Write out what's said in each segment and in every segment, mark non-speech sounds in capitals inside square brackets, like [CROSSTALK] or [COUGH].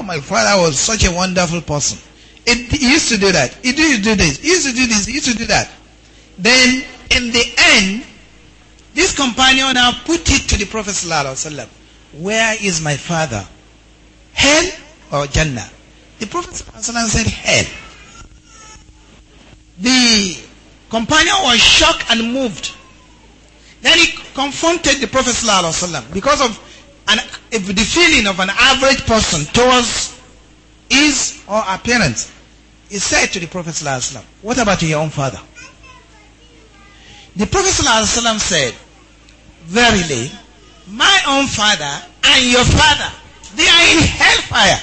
oh, my father was such a wonderful person. It, he used to do that. He used to do this. He used to do this. He used to do that. Then, in the end, this companion now put it to the Prophet ﷺ, Where is my father? Hell or Jannah? The Prophet ﷺ said, Hell. The companion was shocked and moved. Then he confronted the Prophet ﷺ because of and if the feeling of an average person towards his or her parents is said to the Prophet ﷺ, what about your own father? The Prophet ﷺ said, Verily, my own father and your father, they are in hellfire.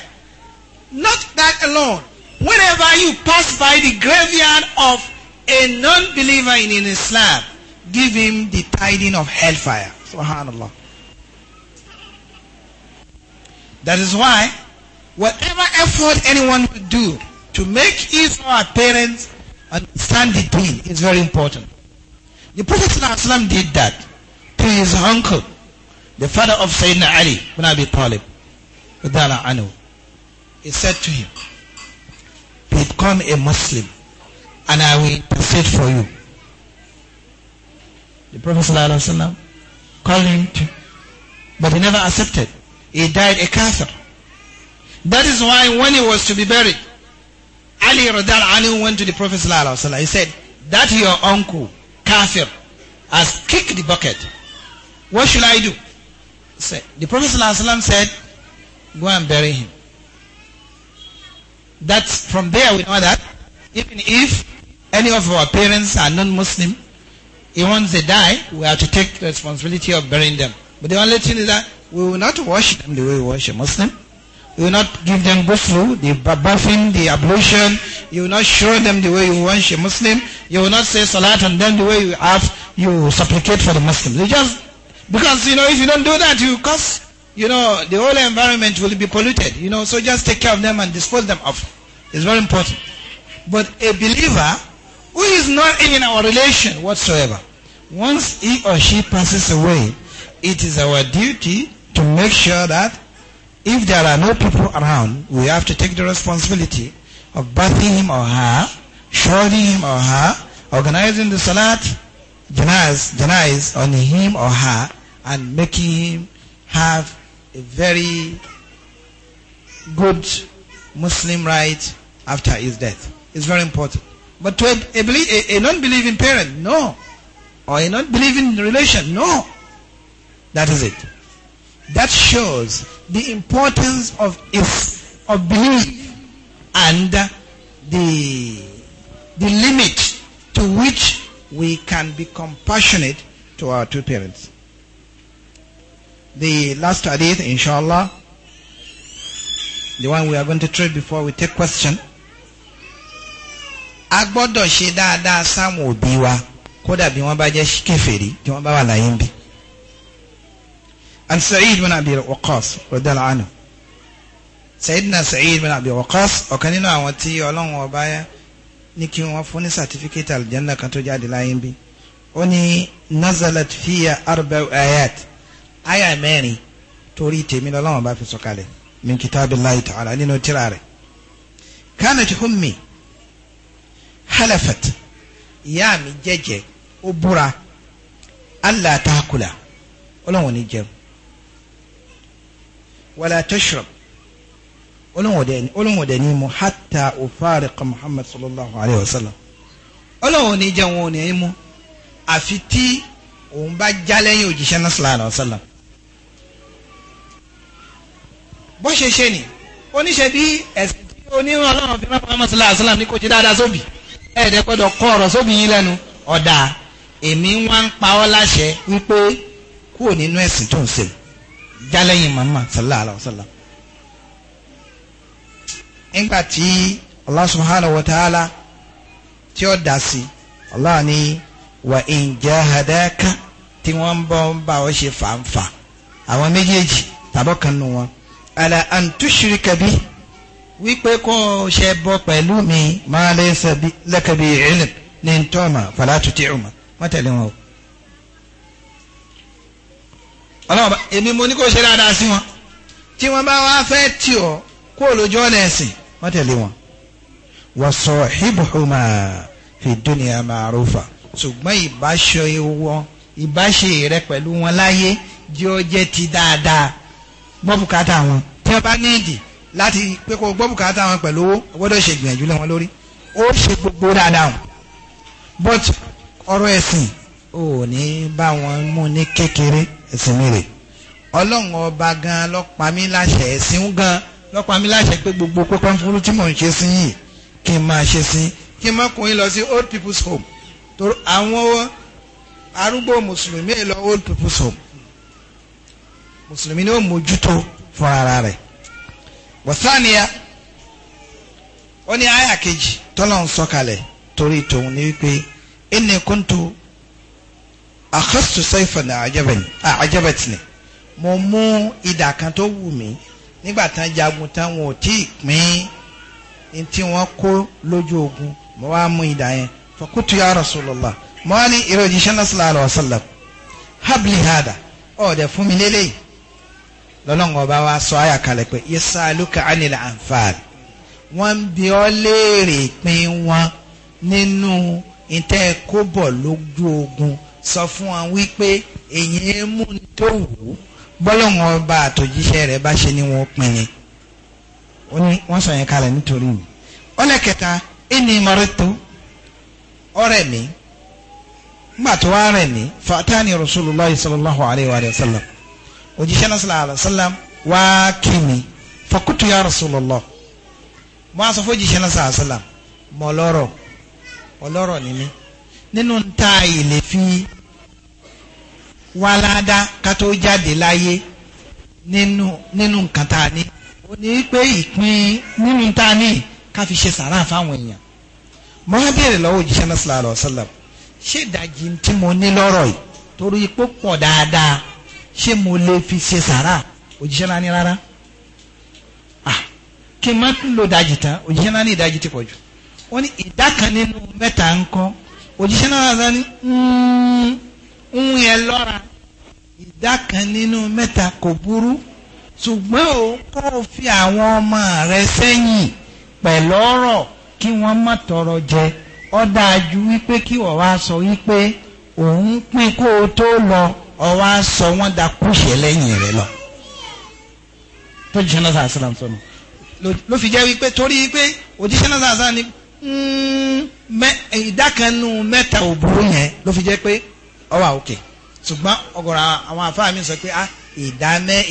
Not that alone. Whenever you pass by the graveyard of a non-believer in Islam, give him the tidings of hellfire. Subhanallah. That is why whatever effort anyone would do to make his or her parents understand the deen is very important. The Prophet ﷺ did that to his uncle, the father of Sayyidina Ali bin Abi Talib. Anhu. He said to him, Become a Muslim and I will intercede for you. The Prophet ﷺ called him to, but he never accepted he died a kafir. That is why when he was to be buried, Ali Radal Ali went to the Prophet Sallallahu He said, that your uncle, kafir, has kicked the bucket. What should I do? Say the Prophet Sallallahu said, go and bury him. That's from there we know that even if any of our parents are non-Muslim, once they die, we have to take responsibility of burying them. But the only thing is that We will not wash them the way we wash a Muslim. We will not give them ghusl, the bathing, the ablution. You will not show them the way you wash a Muslim. You will not say salat and then the way you have you supplicate for the Muslim. just, because, you know, if you don't do that, you cause, you know, the whole environment will be polluted, you know, so just take care of them and dispose them of. It's very important. But a believer who is not in our relation whatsoever, once he or she passes away, it is our duty to make sure that if there are no people around, we have to take the responsibility of bathing him or her, shrouding him or her, organizing the salat, janais, janais on him or her, and making him have a very good Muslim right after his death. It's very important. But to a, a, a non-believing parent, no. Or a non-believing relation, no. That is it. That shows the importance of if, of belief and the the limit to which we can be compassionate to our two parents. The last hadith, inshallah, the one we are going to treat before we take question. A ṣe dáadáa sáwọn òbí wa kódà bí wọ́n bá jẹ́ kèfèrí tí wọ́n bá wà láyé ń bí. عن سعيد بن أبي وقاص رضي الله عنه سيدنا سعيد بن أبي وقاص ọ̀kan nínú àwọn tí Ọlọ́run ọba yá ní kí wọ́n fún ní sàtífíkẹ́tì àlùjánnà kan tó jáde láyé ń bí ó ní nazalat fiya arba ayat aya mẹ́rin torí tèmi lọ́lọ́run ọba fi sọ̀kalẹ̀ min kitabillahi ta'ala nínú tírà rẹ̀ kanat hummi halafat ìyá mi jẹ́jẹ́ ó búra allah taakula Ọlọ́run ò ní jẹun wala tashrab olóhùn ọ̀dẹ̀ ni mu hatta ufariqa muhammad sallallahu alayhi wa sallam olóhùn ní jẹun òní ẹ̀ mu àfi tí òun bá já lẹ́yìn òjíṣẹ́ náà sallallahu alayhi wa sallam bó ṣe ṣe ni oníṣẹ́ bí ẹ̀sìn tí onírun ọlọ́run fi rán muhammad sallallahu alayhi wa sallam ní kò ti dáadáa sóbì ẹ̀ẹ́dẹ́ gbọ́dọ̀ kọ́ ọ̀rọ̀ sóbì yín lẹ́nu ọ̀dà èmi wá ń pa ọ́ láṣẹ wípé kúrò nínú ẹ̀sìn tó ń ṣe jálẹ̀yìn màmá sallallahu alayhi wa sallam nígbà tí Allah subhanahu wa ta'ala tí ó dà sí Allah ni wa in jahadaka tí wọ́n ń bọ́ ń bá ọ ṣe fàǹfà àwọn méjèèjì tàbọ̀ kan nù wọn. ala an tushrika wípé kó o ṣe bọ pẹ̀lú mi ma laysa laka bi ní ntọ́mà fala tuti'uma wọ́n tẹ̀lé wọn o ọlọ́run bá èmi mo ní kó ṣe dáadáa sí wọn tí wọ́n bá wá fẹ́ tì ọ́ kó o lójú ọ̀nà ẹ̀sìn wọ́n tẹ̀lé wọn. wọ́n sọ hibuhuma fi dunya ma'rufa ṣùgbọ́n ìbáṣọ wọn ìbáṣe rẹ pẹ̀lú wọn láyé jẹ́ ọ jẹ́ ti dáadáa gbọ́bùkátà wọn tí wọ́n bá ní ìdì láti pé kó gbọ́bùkátà wọn pẹ̀lú owó gbọ́dọ̀ ṣe lé wọn lórí ó ṣe gbogbo dáadáa ò ní bá wọn mú ní kékeré ẹ̀sìn mi rè ọlọ́run ọba gan lọ́pàmí láṣẹ ẹ̀sìn gan lọ́pàmí láṣẹ pé gbogbo pípọ́n fúru tí mò ń ṣe sí yìí kí n máa ṣe sí kí n má kún yín lọ sí old people's home torí àwọn arúgbó mùsùlùmí lọ old people's home mùsùlùmí ni ó mójútó fún ara rẹ̀ wọ́sánìyà ó ní àyà kejì tọ́lọ́ sọ̀kalẹ̀ torí tòun ní wípé ẹnì kúntù àkọ́sùtù sẹ́fọ̀nà àjẹbẹ̀tìnì mo mú idà kan tó wù mí nígbà tán jagun tán wọn ò tí ì pín tí wọ́n kó lójú ogun mo wá mú idà yẹn fọkútù ya Rasulullah mo wá ní ìròyìn iṣẹ́ náà sallallahu alaihi wasallam habli hada ọ̀dẹ̀ fún mi lélẹ́yìí lọ́lọ́ngọ̀ bá wa sọ àyà kalẹ̀ pé yasaluka anil anfal wọ́n ń bi ọ́ léèrè pín wọn nínú ìtẹ́ kóbọ̀ lójú ogun sọ fún wọn wípé èyí mú ní tó wù ú bọ́lọ́wọ́n ọba àtòjíṣẹ́ rẹ̀ bá ṣe ni wọ́n pin ni wọ́n sọ yẹn kalẹ̀ nítorí mi ọlẹ́kẹta ẹni mọ̀rẹ́tò ọ̀rẹ́ mi nígbà tó wá rẹ̀ mí fatani rasulillah sallallahu alayhi wa sallam òjíṣẹ́ náà sallallahu alayhi wa sallam wá kí mi fakutu ya rasulillah mo á sọ fún òjíṣẹ́ náà sallallahu alayhi wa sallam mọ̀ lọ́rọ̀ ọlọ́rọ̀ ni mí nínú ta ilé fi wá ládá ká tó jáde láyé nínú nínú nǹkan tá a ní. ó ní pé ìpín nínú tá a ní ká fi ṣe sàrà fáwọn èèyàn. mo á béèrè lọ́wọ́ òjíṣẹ́ náà sallallahu alaihi wasallam ṣé ìdajì tí mo ní lọ́rọ̀ yìí torí ipò pọ̀ dáadáa ṣé mo lè fi ṣe sàrà òjíṣẹ́ náà ní rárá. kí n má lo ìdajì tán òjíṣẹ́ náà ní ìdajì ti pọ̀ jù. ó ní ìdá kan nínú mẹ́ta ń kọ́ òjíṣẹ́ náà rárá ní hmm ń yẹn lọ́ra ìdá kan nínú mẹ́ta kò burú ṣùgbọ́n o kò fi àwọn ọmọ rẹ sẹ́yìn pẹ̀lú ọ̀rọ̀ kí wọ́n má tọrọ jẹ ó dáa ju wípé kí wọ́n wá sọ wípé òun pín kó o tó lọ ọ wá sọ wọ́n da kúṣẹ̀ lẹ́yìn rẹ lọ. tó jíṣẹ́ náà sàásìlám sọnù ló fi jẹ́ wípé torí pé òjíṣẹ́ náà sàásìlám ni hmm, ìdá kan nínú mẹ́ta ò burú yẹn ló fi jẹ́ pé ọwà òkè ṣùgbọ́n ọ̀gọ̀rọ̀ àwọn afáà mi sọ pé ah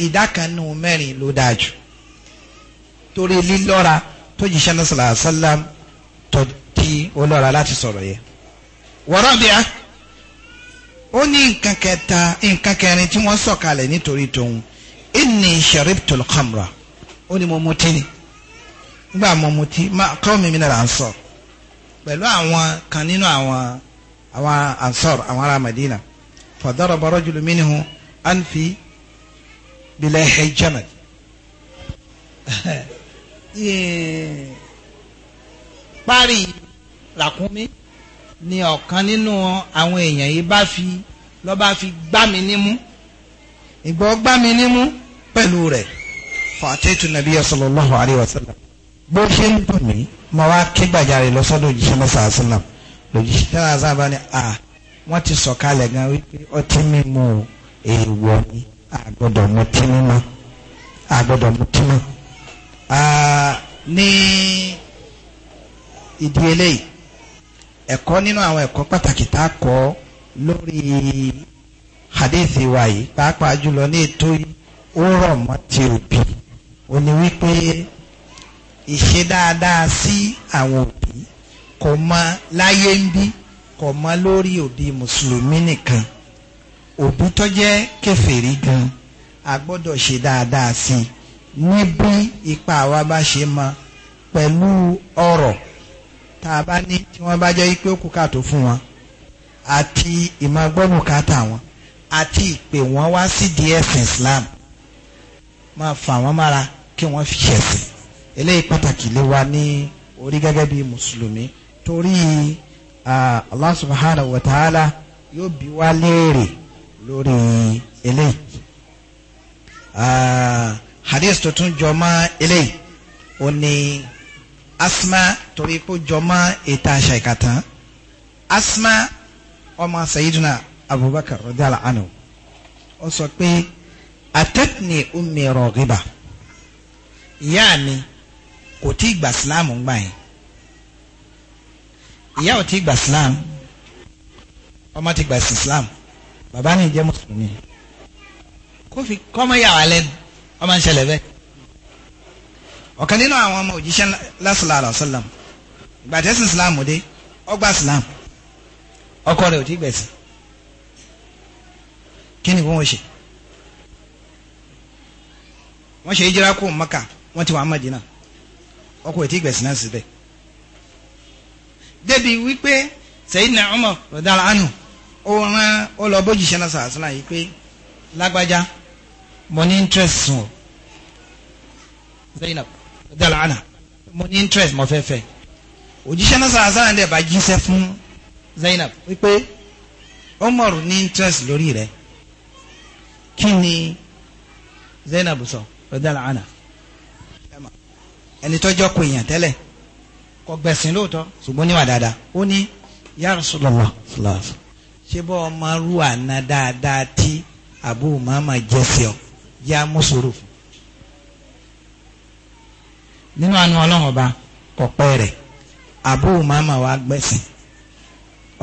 ìdá kan nínú mẹ́rin ló dáa jù torí lílọ́ra tó jíṣẹ́ náà sàlàyé sálám tó tí ó lọ́ra láti sọ̀rọ̀ yẹ. wọ́rọ́ bíá ó ní nǹkan kẹta nǹkan kẹrin tí wọ́n sọ̀kalẹ̀ nítorí tòun inni sharibtul khamra ó ní mo mutí ni nígbà mo mutí kọ́ mi mi nàrà ń sọ pẹ̀lú àwọn kan nínú àwọn àwọn ansar àwọn ará madina fadaraba rajulu minhu anfi bilahi jamal [LAUGHS] parí ràkúnmí ni ọ̀kan nínú àwọn èèyàn yìí bá fi lọ́ba fi gbá mi nímú ìgbọ́ gbá mi nímú pẹ̀lú rẹ̀ fàtẹ́tù nàbí sallallahu alayhi wa sallam bó ṣe ń dùn mí mo wá kí gbàjarè lọ sọ́dọ̀ òjíṣẹ́ lọ́sàá sallam lójijì náà sábà ní à wọ́n ti sọ̀kalẹ̀ gan wípé ọtí mímu èèwọ̀ ni àgbọ̀dọ̀ mutí mímọ́ àgbọ̀dọ̀ mutí mọ́ ní ìdí eléyìí ẹ̀kọ́ nínú àwọn ẹ̀kọ́ pàtàkì tá a kọ́ lórí hadithi wa yìí pàápàá jùlọ ní ètò ó rọ̀ mọ́ ti òbí ó ní wípé ìṣe dáadáa sí àwọn òbí kò mọ láyé ń bí kò mọ lórí òbí mùsùlùmí nìkan òbí tó jẹ́ kèfèrí gan a gbọ́dọ̀ ṣe dáadáa sí i ní bí ipa wa bá ṣe mọ pẹ̀lú ọ̀rọ̀ tá a bá ní tí wọ́n bá jẹ́ pé ó kú kàtó fún wọn àti ìmọ̀gbọ́nùkátà wọn àti ìpè wọn wá sí ds Islam máa fà wọ́n mára kí wọ́n fi ṣẹ̀sìn eléyìí pàtàkì lé wa ní orí gẹ́gẹ́ bí mùsùlùmí torí Allah subhanahu wa ta'ala yóò bi wá léèrè lórí eléyìí hadith tuntun jọmọ eléyìí ó ní asma torí pé jọmọ ètò àṣà ìkàtàn asma ọmọ sayiduna abubakar radiyallahu anhu ó sọ pé atẹ́tìní ummi rọ̀gìbà ìyá mi kò tí gbà sílámù gbà yẹn ìyá ò tí gba Islam ọmọ ti gba Islam bàbá ní ìjẹ́ mùsùlùmí kó fi kọ́mọ yà wá lẹ́nu ọmọ ń ṣẹlẹ̀ bẹ́ẹ̀ ọ̀kan nínú àwọn ọmọ òjíṣẹ́ lásìlá àlọ́sọ́làm gbàtẹ́sì Islam dé ọgbà Islam ọkọ rẹ̀ ò tí gbẹ̀sì kí ni wọ́n ṣe wọ́n ṣe hijira kó Mẹ́kà wọ́n ti wà á Mẹ́dínà ọkọ ò tí gbẹ̀sì náà síbẹ̀ débi wípé Sayyidina Umar radiyallahu anhu ó rán ó lọ bójúṣe náà sàásùlà yìí pé lágbájá mo ní interest sùn o Zainab radiyallahu anha mo ní interest mo fẹ́ fẹ́ òjíṣẹ́ náà sàásùlà ń dẹ̀ bá jíṣẹ́ fún Zainab wípé Umar ní interest lórí rẹ̀ kí ni Zainab sọ radiyallahu anha ẹni tó jọ́ èèyàn tẹ́lẹ̀ kò gbẹ̀sìn lóòótọ́ ṣùgbọ́n níwà dáadáa ó ní ya Rasulullah ṣé bọ́ ọmọ rú àná dáadáa tí Abu Umama jẹ́ sí ọ yá mọ́sòrò fún nínú àánú ọlọ́run ọba ọ̀pẹ́ rẹ̀ Abu Umama wa gbẹ̀sìn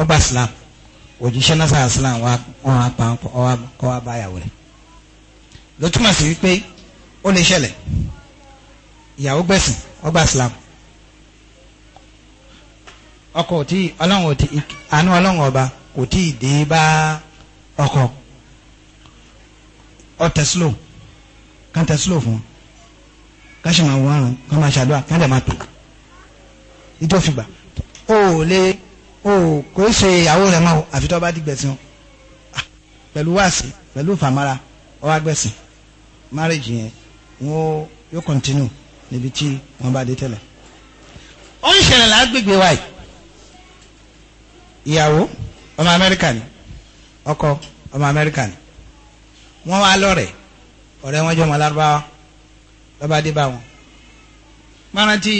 ọba Islam òjíṣẹ́ náà sáà Islam wa wọn apá kọ́ wa báyàwó rẹ̀ ló sí wípé ó lè ṣẹlẹ̀ ìyàwó gbẹ̀sìn ọba Islam ọkọ ò tí ọlọ́run ò tí àánú ọlọ́run ọba kò tí ì dé bá ọkọ ọtẹ slow kàn tẹ slow fún káṣí máa wọ máa ṣàdúrà kàn máa pè nítorí fìgbà o ò lè o kò ṣe ìyàwó rẹ máa àfi tó bá dìgbẹ̀sìn o ah, pẹ̀lú wáàsí pẹ̀lú ìfàmára ọwọ́ agbẹ̀sìn marriage yẹn wọn yóò continue níbi tí wọ́n bá dé tẹ́lẹ̀ ó ń ṣẹlẹ̀ lágbègbè wa ìyàwó ọmọ amẹ́ríkà ni ọkọ ọmọ amẹ́ríkà ni wọ́n wá lọ́rẹ̀ ọ̀rẹ́ wọn jọ ọmọ alárúbáwá lọ́ba dé bá wọn. mọ́rántí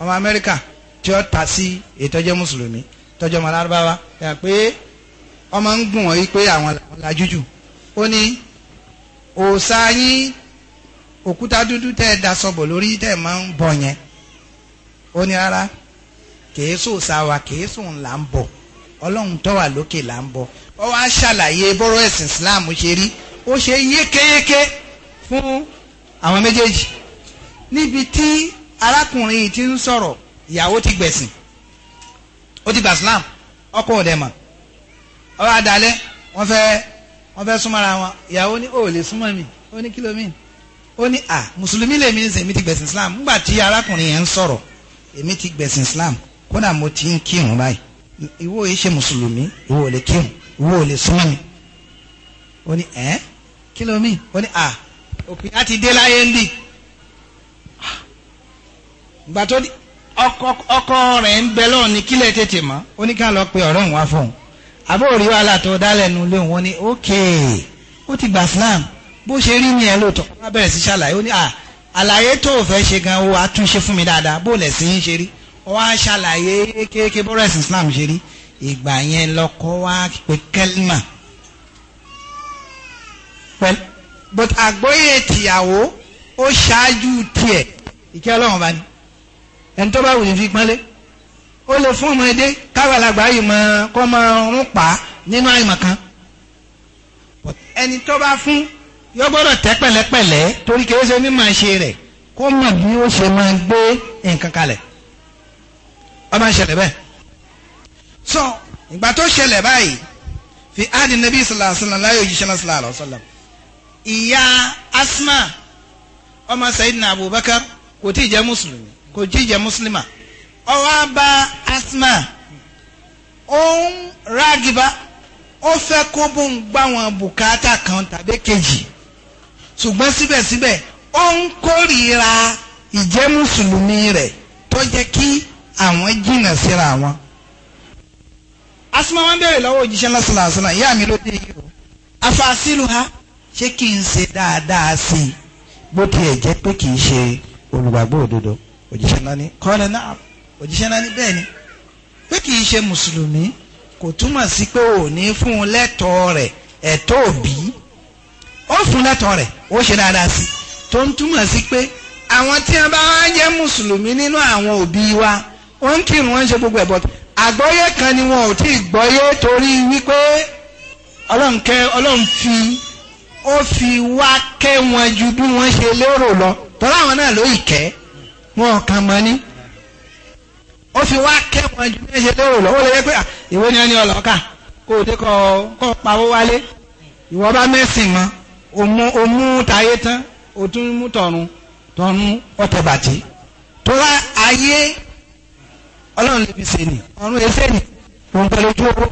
ọmọ amẹ́ríkà tí ó ta sí ìtọ́jẹ́ mùsùlùmí tọ́jọ́ ọmọ alárúbáwá yà pé ọmọ ń gùn wọ́n yí pé àwọn làwọn ó ní òòṣà yín òkúta dúdú tẹ́ ẹ da sọ̀bọ̀ lórí tẹ́ ẹ máa ń bọ̀ yẹn ó ní rárá kìí sùn sáwà kìí sùn là ń bọ̀ ọlọ́run tó wà lókè là ń bọ̀ ọ wá ṣàlàyé bọ́rọ̀ ẹ̀sìn islam ṣe rí ó ṣe yékéyéké fún àwọn méjèèjì níbi tí arákùnrin yìí ti ń sọ̀rọ̀ ìyàwó ti gbẹ̀sìn ó ti gbà islam ọkọ òde mọ̀ ọ wá dalẹ̀ wọ́n fẹ́ wọ́n fẹ́ súnmọ́ra wọn ìyàwó ní òòlè súnmọ́ mi ó ní kílómìn ó ní à mùsùlùmí lèmi ń sè mi ti gbẹ̀sìn islam ńgbà tí arákùnrin yẹn ń sọ̀rọ̀ èmi ti gbẹ̀sìn islam kódà mo ti ń kírun báyìí ìwọ yìí ṣe mùsùlùmí ìwọ lè kírun ìwọ lè súnmọ́ mi ó ní ẹ́ kí ló mí ó ní à ah, òpin láti ah. di ọkọ rẹ̀ ń bẹ ní kílẹ̀ tètè mọ́ ó ká lọ pe ọ̀rọ̀ òun wá fún un àbó òrí wàhálà tó dálẹ̀ nu lé òun ní ó ti gbà slam bó ṣe rí ni ẹ lóòótọ́ wọ́n bẹ̀rẹ̀ sí ṣàlàyé gan ah, o àtúnṣe fún mi dáadáa bó lẹ̀ sí ń ṣe rí wá ṣàlàyé kéèké bọ́rẹ̀sì islam ṣe rí ìgbà yẹn lọ́kọ́ wá pé kẹ́lìmà but àgbóyè tìyàwó ó ṣáájú tiẹ̀ ìkẹ́ ọlọ́run bá ní ẹni tó bá wù ní fi pọ́nlé ó lè fún ọmọdé káwàlagbà yìí mọ kọ́ mọ ọrùn pa nínú àìmọ̀ kan ẹni tó bá fún yọ gbọ́dọ̀ tẹ́ pẹ̀lẹ́pẹ̀lẹ́ torí kìí ṣe ṣe rẹ̀ kó mọ̀ bí ó ṣe máa gbé nǹkan kalẹ̀ ó máa ń ṣẹlẹ̀ bẹ́ẹ̀ so ìgbà tó ṣẹlẹ̀ báyìí fi áàdì nàbí sàlàsàlà láyé òjíṣẹ́ náà sàlàlá ọ̀sọ́lá ìyá asma ọmọ sayidina abubakar kò tí ì jẹ́ mùsùlùmí kò tí ì jẹ́ mùsùlùmá ó wá asma ó ń rágiba ó fẹ́ kó bó ń gbá wọn bùkátà kan tàbí kejì ṣùgbọ́n síbẹ̀síbẹ̀ ó ń kórìíra ìjẹ́ mùsùlùmí rẹ̀ tó jẹ́ kí àwọn jìnnà síra wọn. asuma wọn béèrè lọ́wọ́ òjíṣẹ́ lásìlàsìlà ìyá mi ló dé yìí o afasilu ha ṣé kí n ṣe dáadáa sí i bó tiẹ̀ jẹ́ pé kì í ṣe olùgbàgbọ́ òdodo òjíṣẹ́ náà ni kọ́lẹ̀ náà òjíṣẹ́ náà ni bẹ́ẹ̀ ni pé kì í ṣe mùsùlùmí kò túmọ̀ sí pé ò ní fún un lẹ́tọ̀ọ́ rẹ̀ ẹ̀tọ́ òbí ó fún lẹ́tọ̀ọ́ rẹ̀ ó ṣe dáadáa sí i tó ń túmọ̀ sí pé àwọn tí wọn bá wá jẹ́ mùsùlùmí nínú àwọn òbí wa wọ́n ń kírun wọ́n ń ṣe gbogbo ẹ̀bọ̀ àgbọ́yé kan ni wọn ò tí ì gbọ́yé torí wípé ọlọ́run kẹ́ ọlọ́run fi ó fi wá kẹ́ wọn ju bí wọ́n ṣe lérò lọ tọ́lá àwọn náà ló ìkẹ́ wọn kàn mọ́ ní ó fi wá kẹ́ wọn ju bí wọ́n ṣe lérò lọ ó lè yẹ pé ìwé ni ẹni ọlọ́kà kó o dé kọ́ kọ́ pawó wálé ìwọ bá mẹ́sìn mọ́ o mú tayé tán o tún mú tọ̀run tọ̀run ọ̀tẹ̀bàtì tọ́lá ayé ọlọ́run lè fi sèni ọ̀run ẹsẹ̀ ni òun pẹ̀lú ojú owó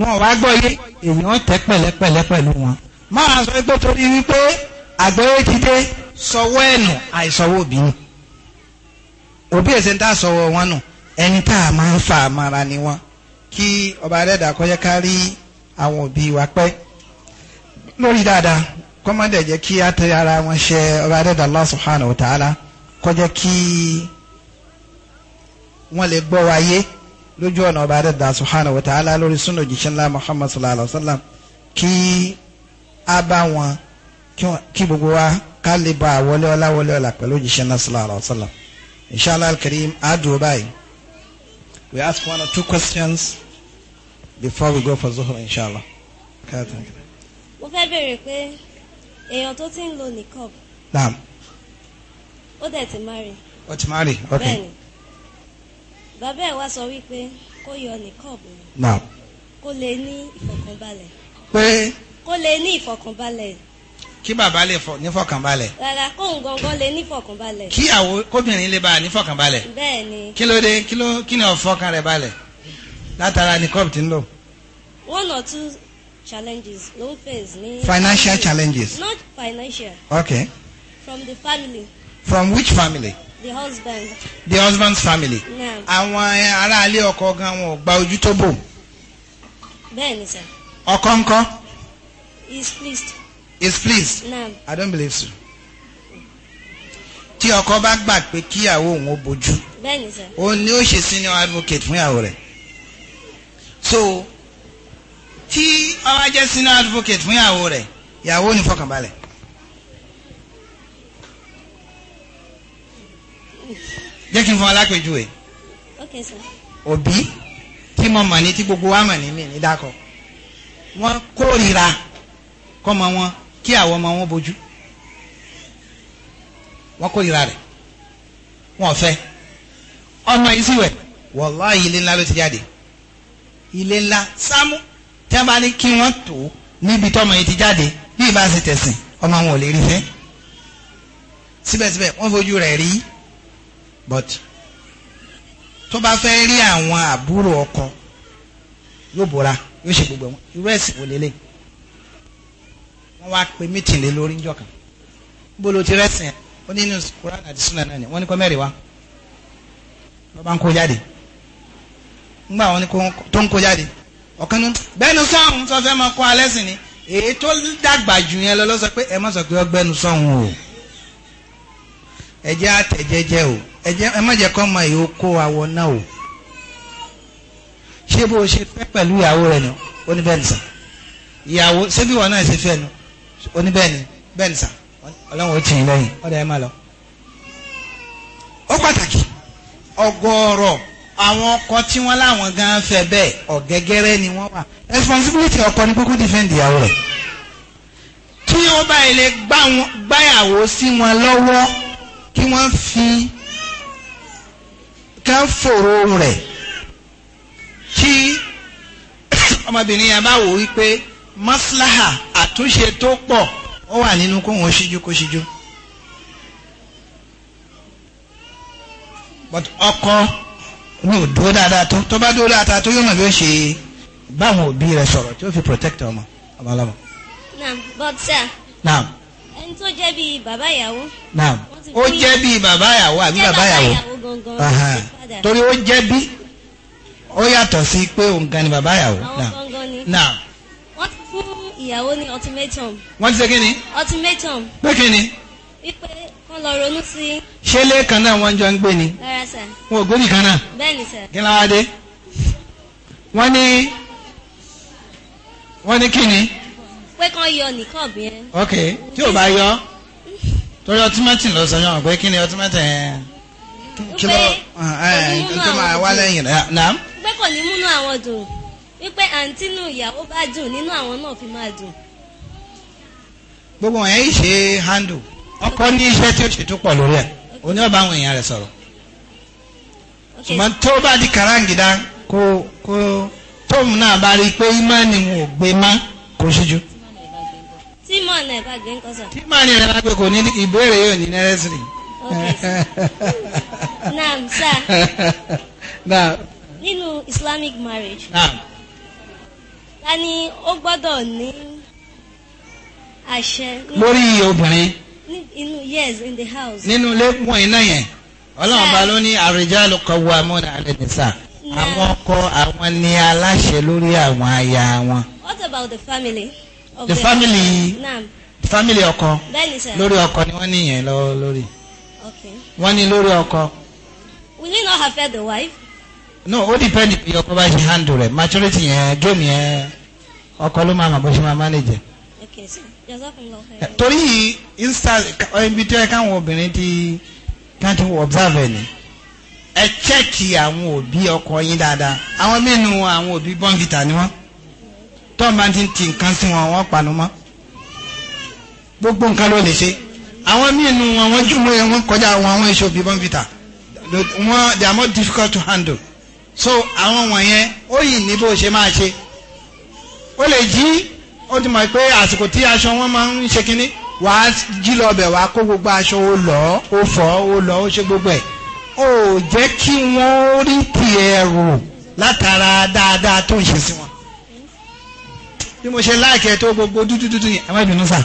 wọn wá gbọ́ yé èèyàn tẹ́ pẹ̀lẹ́pẹ̀lẹ́ pẹ̀lú wọn máa sọ pé torí wípé àgbẹ̀wé ti dé sọwọ́ ẹ̀nù àìsọwọ́ òbí ni òbí ẹ̀sẹ̀ ń tà sọwọ́ wọn nù ẹni tá a máa ń fa àmàrà ni wọn kí ọba adẹ́dà kọjá ká àwọn òbí wa pẹ́ lórí dáadáa kọ́mọ́dé jẹ́ kí á tẹ ara wọn ṣe ọba adẹ́dà Allah subhanahu wọ́n lè gbọ́ wáyé lójú ọ̀nà ọba adẹ́dà subhanahu wa ta'ala lórí súnà òjíṣẹ́ ńlá muhammad sallallahu alayhi wa sallam kí a bá wọn kí gbogbo wa ká lè bá a wọlé ọlá wọlé ọlá pẹ̀lú òjíṣẹ́ ńlá sallallahu alayhi wa sallam inshallah al-karim adùn báyìí we ask one or two questions before we go for zuhur inshallah. mo fẹ́ bèèrè pé èèyàn tó ti ń lo nìkọ́ọ̀bù. naam. ó dẹ̀ ti marry. ó ti marry okay. bẹ́ẹ̀ni bàbá ẹ̀ wá sọ wípé kó yọ nìkọ́ọ̀bù náà kó lè ní ìfọ̀kànbalẹ̀. pé. kó lè ní ìfọ̀kànbalẹ̀. kí bàbá lè fọ nífọ̀kànbalẹ̀. rárá kóun gangan lè nífọ̀kànbalẹ̀. kí àwo kóbìnrin lè bá nífọ̀kànbalẹ̀. bẹ́ẹ̀ ni. kí ló dé kí ló kí ni ọ̀fọ̀kàn rẹ̀ balẹ̀ látara nìkọ́ọ̀bù tí ń lò. one or two challenges ló ń face ní. financial challenges. not financial. okay. from the family. from which family the husband. the husband's family. àwọn eh, ará ilé ọkọ gan wọn ò gba ojú tó bò. bẹ́ẹ̀ni sir. ọkọ ńkọ́. he is pleased. he is pleased. No. I don't believe so. tí ọkọ bá gbà pé kíyàwó òun ó bójú. bẹ́ẹ̀ni sir. òun ni ó ṣe senior advocate fún ìyàwó rẹ̀. so tí ó wá jẹ́ senior advocate fún ìyàwó rẹ̀ ìyàwó ò ní fọkànbalẹ̀. jẹ́ kí n fún alápèjúwe òbí tí mo mọ̀ ní tí gbogbo wa mọ̀ ní mi ní dákọ̀ wọ́n kórìíra kọ́mọ wọn kí àwọn ọmọ wọn bójú wọ́n kórìíra rẹ̀ wọ́n fẹ́ ọmọ yìí sì wẹ̀ wàláhì ilé ńlá ló ti jáde ilé ńlá sámú tí wọ́n bá ní kí wọ́n tó níbi tọ́mọ yìí ti jáde bí ìbá ṣe tẹ̀sìn ọmọ wọn ò lè rí fẹ́ síbẹ̀síbẹ̀ wọ́n fojú rẹ̀ rí but tó bá fẹ́ rí àwọn àbúrò ọkọ yóò bóra yóò ṣe gbogbo wọn irú ẹ̀sìn wò lélẹ̀ wọ́n wá pe mítìn lé lórí níjọ́ kan níbo ló ti rẹ́sìn ẹ̀ ó ní inú Quran àti Sunnah náà ni wọ́n ní kọ́ mẹ́rin wá lọ́ba ń kó jáde ńgbà wọn tó ń kó jáde ọ̀kan ní bẹ́ẹ̀ni sọ́hún sọ fẹ́ máa kọ́ alẹ́ sìn ni èyí tó dàgbà jù yẹn lọ lọ́sọ pé ẹ má sọ pé ọgbẹ́nu sọ́hún o ẹjẹ́ àtẹ̀jẹ́jẹ́ o ẹjẹ́ ẹ má jẹ́ kọ́ ọmọ yìí ó kó awọ náà o ṣé bó o ṣe fẹ́ pẹ̀lú ìyàwó rẹ̀ nù oníbẹ̀ni sà ìyàwó ṣé bí wọn náà ṣe fẹ́ nu oníbẹ̀ni bẹ́ni sà ọlọ́run ó tì í lẹ́yìn ọ̀dọ̀ ẹ má lọ. ó pàtàkì ọgọ́rọ̀ àwọn ọkọ tí wọ́n láwọn gan fẹ́ bẹ́ẹ̀ ọ̀gẹ́gẹ́rẹ́ ni wọ́n wà responsibility ọkọ ni kókó defend ìyàwó rẹ̀ tí wọ́n bá ilé gbáyàwó sí wọn lọ́wọ́ kí wọ́n fi kẹ́ fòrò rẹ̀ kí ọmọbìnrin yẹn bá wò wípé maslaha àtúnṣe tó pọ̀ ó wà nínú kóhun ṣíjú kó ṣíjú. but ọkọ ní ò dúró dáadáa tó tó bá dúró dáadáa tó yóò mọ̀ bí ó ṣe báwọn òbí rẹ̀ sọ̀rọ̀ tí ó fi protect ọmọ ọmọ ọlọ́mọ. naam but sir. naam. ẹni tó jẹ́ baba bàbá ìyàwó. naam baba jẹ́ bíi bàbá ìyàwó àbí bàbá ìyàwó. torí ó jẹ́ bí ni bàbá ìyàwó. wọ́n ti fún ìyàwó ní ultimatum. wọ́n ti ni. ultimatum. pé kí wípé wọ́n lọ ronú sí. ṣé náà wọ́n jọ ni. rárá wọn ò náà. pé kán yọ nìkan bí yẹn. ok tí o bá yọ torí ọtímẹ́tì lọ sọ yàn pé kí ni ọtímẹ́tì ah, yẹn. tó máa wá náà. pé kò ní múnú àwọn dùn wípé àǹtí nù ìyàwó bá dùn nínú àwọn náà gbogbo wọn ṣe handle ọkọ ní tí ṣe tó lórí ọba àwọn èèyàn ṣùgbọ́n tó bá di bá rí i pé wọn ò gbé má kó ṣíjú. mọ̀nà ẹ̀ ní ẹ̀rọ bá kò ní ìbéèrè yóò ní nẹ́rẹ́sìrì. [LAUGHS] naam sir. naam. nínú islamic marriage. naam. ta ni ó gbọ́dọ̀ ní àṣẹ. lórí obìnrin. nínú yes in the house. nínú ilé wọn iná yẹn ọlọ́run bá ló ní àrùjálù qawwamuna 'ala nisa àwọn ọkọ àwọn ni aláṣẹ lórí àwọn aya wọn. what about the family. the family family ọkọ lórí ọkọ ni wọ́n níyẹn lọ lórí wọ́n ní lórí ọkọ. will it not affect the wife. no ó depend bí ọkọ bá ṣe handle rẹ̀ maturity yẹn game yẹn ọkọ ló máa bó ṣe máa manage. torí instance ibi tí ẹ káwọn obìnrin ti kan ti observe ẹ ni ẹ àwọn òbí ọkọ yín dáadáa àwọn mẹ́nu àwọn òbí ni wọ́n. tó máa ti ti nǹkan sí wọn wọn pàánù mọ́ gbogbo nǹkan ló lè ṣe àwọn míínu àwọn jùmọ̀ yẹn wọ́n kọjá àwọn àwọn èso bíi bọ́ǹbìtà wọ́n they are more difficult to handle so àwọn wọ̀nyẹn ó yìí ní bó ṣe máa ṣe ó lè jí ó ti mọ̀ pé àsìkò tí aṣọ wọn máa ń ṣe kínní wàá jí lọ bẹ̀ wàá kó gbogbo aṣọ ó lọ ó fọ̀ ó lọ ó ṣe gbogbo ẹ̀ ó jẹ́ kí wọ́n rí tiẹ̀ rò látara dáadáa tó ń ṣe sí wọn bí mo ṣe láìkẹ́ like tó gbogbo dúdú dúdú yẹn ẹ má bínú sà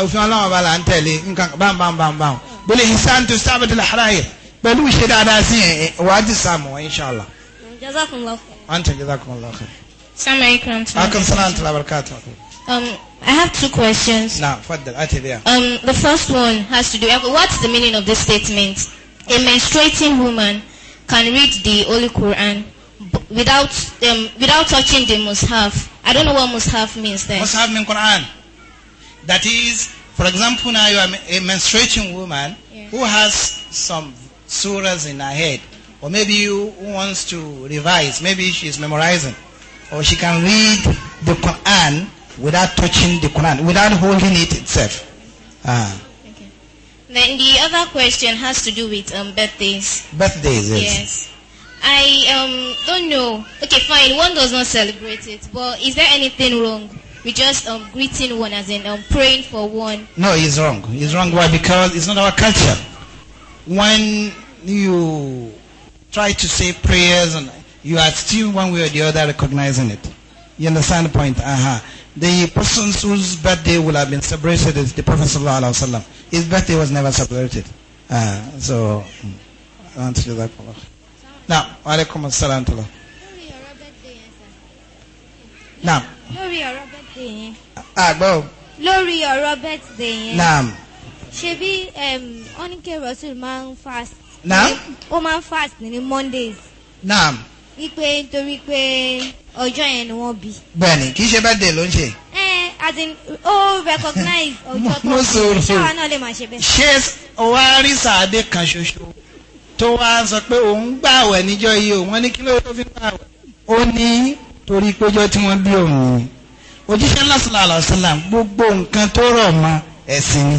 òfin ọlọ́run ọba là ń tẹ̀lé nǹkan báwọn báwọn Bam báwọn bẹ́lẹ̀ ìsàn tó sábà tó làhárá yẹ pẹ̀lú ìṣe dáadáa sí yẹn wàájú sàmù wọn inṣàlá. jazakumullahu. wọ́n tẹ̀ jazakumullahu. sàmì ikram tó. akun salam tó labarka um, I have two questions. Now, I tell you. Um, the first one has to do uh, what's the meaning of this statement? A menstruating woman can read the Holy Quran without um, without touching the mushaf. I don't know what mushaf means there. Mushaf means Quran. That is, for example, now you are a menstruating woman yeah. who has some surahs in her head, or maybe you wants to revise. Maybe she's memorizing, or she can read the Quran without touching the Quran, without holding it itself. Ah. Okay. Then the other question has to do with um, birthdays. Birthdays, yes. yes. I um, don't know. Okay, fine. One does not celebrate it, but is there anything wrong with just um, greeting one, as in um, praying for one? No, it's wrong. It's wrong. Why? Because it's not our culture. When you try to say prayers, and you are still one way or the other recognizing it. You understand the point? Uh-huh. The person whose birthday will have been celebrated is the Prophet sallallahu alaihi wasallam. His birthday was never celebrated. Uh, so, mm. I want to do that. naam aleykum salaam tula. naam. lórí ọ̀rọ̀ bẹ́tẹ̀ yẹn. àgbọ̀ o. lórí ọ̀rọ̀ bẹ́tẹ̀ yẹn. naam. ṣebí oníkẹ́ Rasul máa ń fast. naam. ó máa ń fast ní Mondays. naam. wípé nítorí pé ọjọ́ yẹn ni wọ́n bí. bẹ́ẹ̀ni kì í ṣe birthday ló ń ṣe. ẹ as in ó recognize [LAUGHS] ọjọ́ tó ń bí ṣáwa náà lè máa ṣe bẹ́ẹ̀. ṣé o wá rí sàádé kan ṣoṣo tó wá sọ pé òun gbààwẹ̀ níjọ́ yìí òun ní kí ló tó fi gbààwẹ̀ ó ní torí péjọ tí wọ́n bí òun ni òjíṣẹ́ lásìlá àlọ́sílà gbogbo nǹkan tó rọ̀ mọ́ ẹ̀sìn ni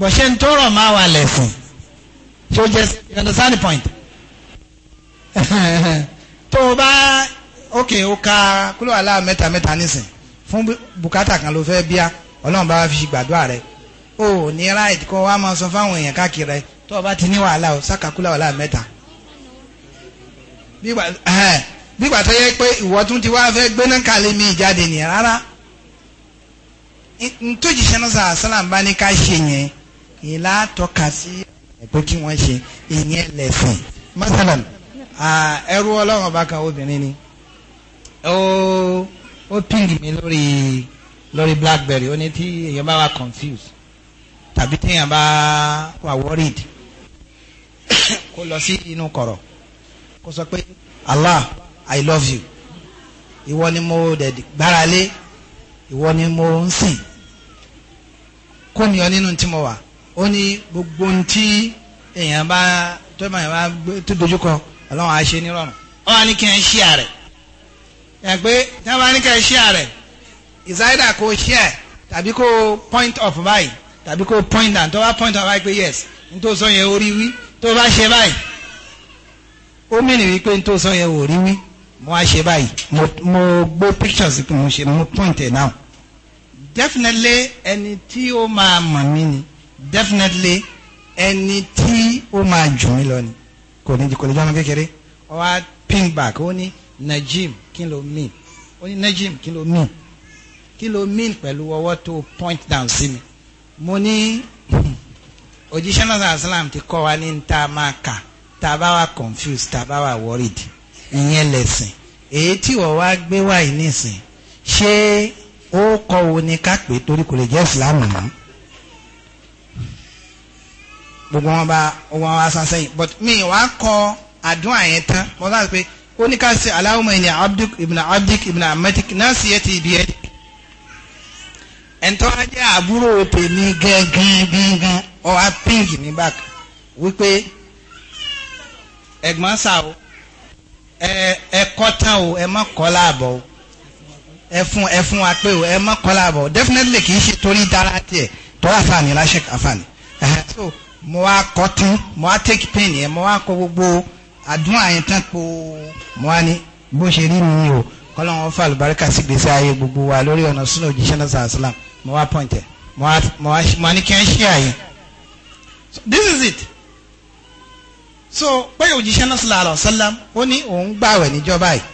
bọ̀ṣẹ́ tó rọ̀ mọ́ àwa lẹ̀sìn so just you understand the point [LAUGHS] tó o bá ok o ka kúlọ̀ àlá mẹ́ta mẹ́ta nísìn fún bùkátà kan ló fẹ́ bíá ọlọ́run bá fi gbàdúrà rẹ o ní right kó o máa sọ fáwọn èèyàn káàkiri tó o bá ti ní wàhálà o sákàkúlà wàhálà mẹ́ta bígbà tó yẹ pé ìwọ tún ti wá fẹ́ gbéná kalẹ̀ mi ìjáde nìyẹn rárá ntòjì sẹ́nusà asálàm bá ní ká ṣe yẹn ìlà tọ́ka sí ẹ̀kọ́ kí wọ́n ṣe ìyẹn lẹ́sìn masalam ẹrú ọlọ́run ọba kan obìnrin ni ó píngì mi lórí lórí blackberry ó ní tí èèyàn bá wà confused tàbí téèyàn bá wà worried [COUGHS] kó lọ sí inú kọ̀rọ̀ kó sọ pé Allah I love you ìwọ ni mo dẹ̀ gbára lé ìwọ ni mo ń sìn kó nìyọ nínú tí mo wà ó ní gbogbo ohun tí èèyàn bá tó bá yẹn bá tó dojúkọ ọlọ́run á ṣe nírọ̀rùn ó wà ní kí n ṣí àrẹ̀ ẹ̀ pé tí wọ́n bá ní kí n ṣí àrẹ̀ ìsáyédà kò ṣí ẹ̀ tàbí kò point of báyìí tàbí kò point down tó bá point of báyìí pé yes n tó sọ yẹn orí wí tó o bá ṣe báyìí ó mìíràn wípé tó sọ yẹn ò rí wí mo á ṣe báyìí mo mo pictures pé mo ṣe mo point it now definitely ẹni tí ó máa mọ̀ mí ni definitely ẹni tí ó máa jù mí lọ ni kò ní kò ní jọ́nà kékeré ó wá ping back ó ní najim kí ló mean ó ní najim kí ló mean kí ló mean pẹ̀lú ọwọ́ tó point down sí mi mo ní òjíṣẹ́ náà sàlám ti kọ́ wa ní tá máa kà tá a bá wà confused tá a bá wà worried ìyẹn lẹ̀sìn èyí tí wọ́n wá gbé wá yìí nísìn ṣé ó kọ́ wo ni ká pè torí kò lè jẹ́ ìsìláàmù mọ́ gbogbo wọn bá wọn wá sá sẹ́yìn but mi wá kọ àdúrà yẹn tán mo sáré pé ó ní ká ṣe aláwọ̀mọ̀ ìní abduk ibn abdik ibn amadik náà sì yẹ ti ibi ẹ̀ ẹ̀ńtọ́ ajé àbúrò tèmi gẹ́gẹ́ gẹ́gẹ́ ọ wá ping mi back wípé ẹ̀gbọ́n sá o ẹ ẹ kọ́ tán o ẹ má kọ́ láàbọ̀ o ẹ fún ẹ fún wa pé o ẹ má kọ́ láàbọ̀ o definitely kì í ṣe torí dára tiẹ̀ tọ́lá fàánì láṣẹ àfàánì so mo wá kọ́ tán mo wá take pain yẹn mo wá kọ́ gbogbo àdúrà yẹn tán kó mo wá ní bó ṣe rí mi o kọ́lọ́n wọn fà lùbáríkà sí gbèsè ayé gbogbo wa lórí ọ̀nà súnà òjíṣẹ́ náà sàásìlám mo wá pọ̀ǹtẹ̀ mo wá ní kí wọ́n ṣe àyè so this is it so pé òjíṣẹ́ náà sallallahu alaihi wasallam ó ní òun gbààwẹ̀ níjọba yìí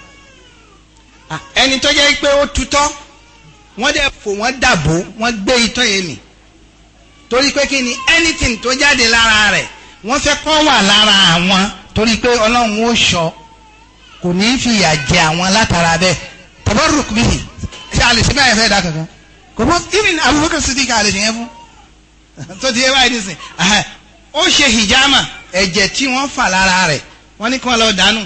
ẹni tó jẹ́ pé ó tutọ́ wọ́n dẹ̀ fò wọ́n dàbò wọ́n gbé itọ́ yẹn mì torí pé kí ni anything tó jáde lára rẹ̀ wọ́n fẹ́ kó wà lára àwọn torí pé ọlọ́run ó sọ kò ní í fìyà jẹ àwọn látara bẹ́ẹ̀ tabarruk bihi ṣe àlè síbẹ̀ fẹ́ dà kankan kò bọ́ even Abubakar Siddiq àlè nìyẹn fún [LAUGHS] tó ti yẹ báyìí nísìn ó ṣe hijama ẹ̀jẹ̀ tí wọ́n fà lára rẹ̀ wọ́n ní kí wọ́n lọ dànù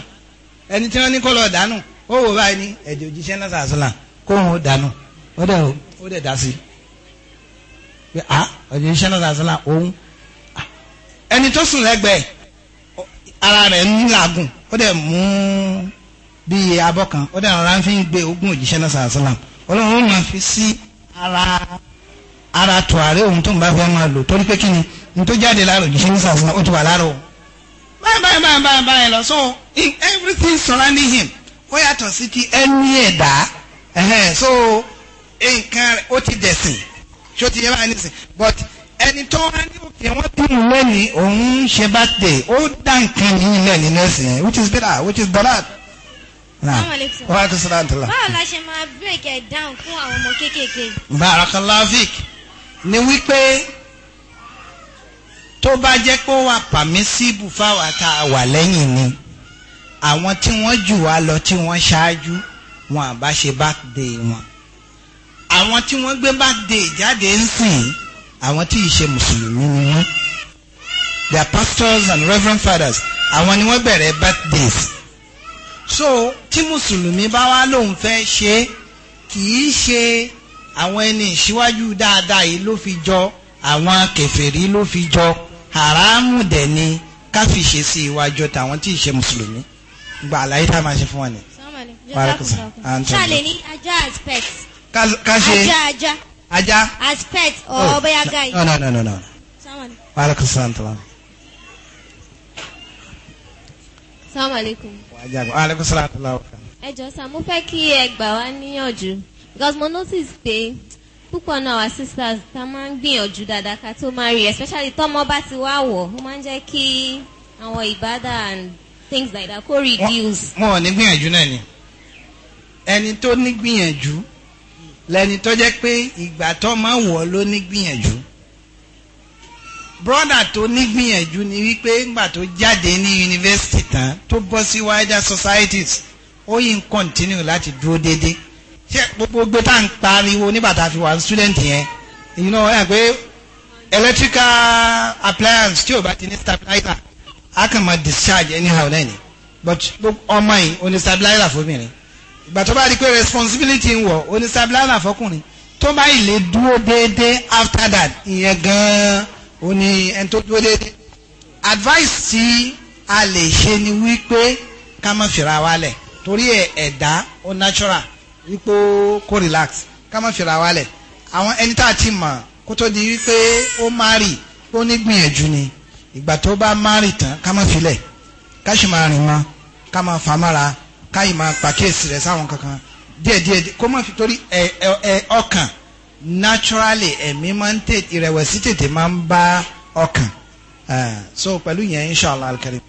ẹni tí wọ́n ní kó lọ dànù ó wò báyìí ní ẹ̀jẹ̀ òjíṣẹ́ náà sàásùlà kó wọn ó dànù ó dẹ̀ ó dẹ̀ dá sí i pé ah òjíṣẹ́ náà sàásùlà òun ẹni tó sùn lẹ́gbẹ̀ẹ́ ara rẹ̀ ń làágùn ó dẹ̀ mú bíi abọ́ kan ó dẹ̀ rọra fi gbé ogún òjíṣẹ́ náà sàásùlà ọlọ́run ó máa fi sí ara ara tùwárí òun tó ń bá fẹ́ máa lò torí pé kí ni ní tó jáde láàrọ̀ jù sí ní sàfún ó ti wà láàrọ̀ báyìí báyìí báyìí báyìí báyìí lọ so in everything surrounding him ó yàtọ̀ sí ti ẹni ẹ̀dá so nǹkan ó ti dẹ̀sìn ṣó ti yẹ báyìí nísìn but ẹni tó wá ní òkè wọn bí mu lẹ́nìí òun ṣe bá tẹ̀ ó dá nǹkan yìí lẹ́nìí lẹ́sìn which is better which is dollar. báwo la ṣe máa break it down fún àwọn ọmọ kéékèèké. barakallahu fik ni wípé tó bá jẹ́ pé ó wà pàmísíbù fáwa tá a wà lẹ́yìn ni àwọn tí wọ́n jù wá lọ tí wọ́n ṣáájú wọn àbá ṣe birthday wọn àwọn tí wọ́n gbé birthday jáde ń sìn àwọn tí ì mùsùlùmí ni wọ́n their pastors and reverend fathers àwọn ni wọ́n bẹ̀rẹ̀ birthdays so tí mùsùlùmí bá wá lóun fẹ́ ṣe kì í ṣe àwọn ẹni ìṣíwájú dáadáa yìí ló fi jọ àwọn kèfèrí ló fi jọ haramu dẹ̀ ni ká fi ṣe sí iwájú tàwọn tí ì ṣe mùsùlùmí gba àlàyé tá a máa ṣe fún wọn ni. ṣàlẹ̀ ní ajá as pet. ká ṣe ajá ajá. ajá. as pet or oh, no no no no no. wàhálàkùn sàǹtàlá. sàmàlẹ́kùn. wàhálàkùn sàǹtàlá. ẹ jọ sá mo fẹ́ kí ẹ gbà wá níyànjú because mo notice pé púpọ̀ náà our sisters ta máa ń gbìyànjú dáadáa ká tó máa rí especially tọ́mọ bá ti wá wọ̀ ó máa ń jẹ́ kí àwọn ìbádà and things like that kó reduce. wọn ò ní gbìyànjú náà ni ẹni tó ní gbìyànjú lẹni tó jẹ́ pé ìgbà tó máa wọ̀ ló ní gbìyànjú brọ́dà tó ní gbìyànjú ni wípé ńgbà tó jáde ní yunifásitì tán tó bọ́ sí wider societies ó yìí ń continue láti dúró déédéé ṣé gbogbo gbé tá à ń pariwo nígbà tá a fi wà ní student yẹn you know ẹ̀ pé electrical appliance tí o bá ti ní stabilizer a kàn máa discharge anyhow náà ni but ọmọ yìí o ní stabilizer fóbìnrin ìgbà tó bá rí i pé responsibility ń wọ̀ o ní stabilizer fọkùnrin tó bá yìí lè dúró déédéé after that ìyẹn gan-an o ní ẹni tó dúró déédéé advice tí a lè ṣe ni wípé ká má fìra wa lẹ̀ torí ẹ̀ ẹ̀dá o natural wípé kó relax ká má fìrà wálẹ̀ àwọn ẹni tá a ti mọ̀ kó tó di wípé ó márì ó ní gbìyànjú ni ìgbà tó bá márì tán ká má filẹ̀ ká sì máa rìn mọ́ ká máa fà mára ká yìí máa pàkíyèsí rẹ̀ sáwọn kankan díẹ̀díẹ̀ kó má fi torí ọkàn naturally ẹ̀mí máa ń tètè ìrẹ̀wẹ̀sì tètè máa ń bá ọkàn so pẹ̀lú yẹn inshallah alkarim.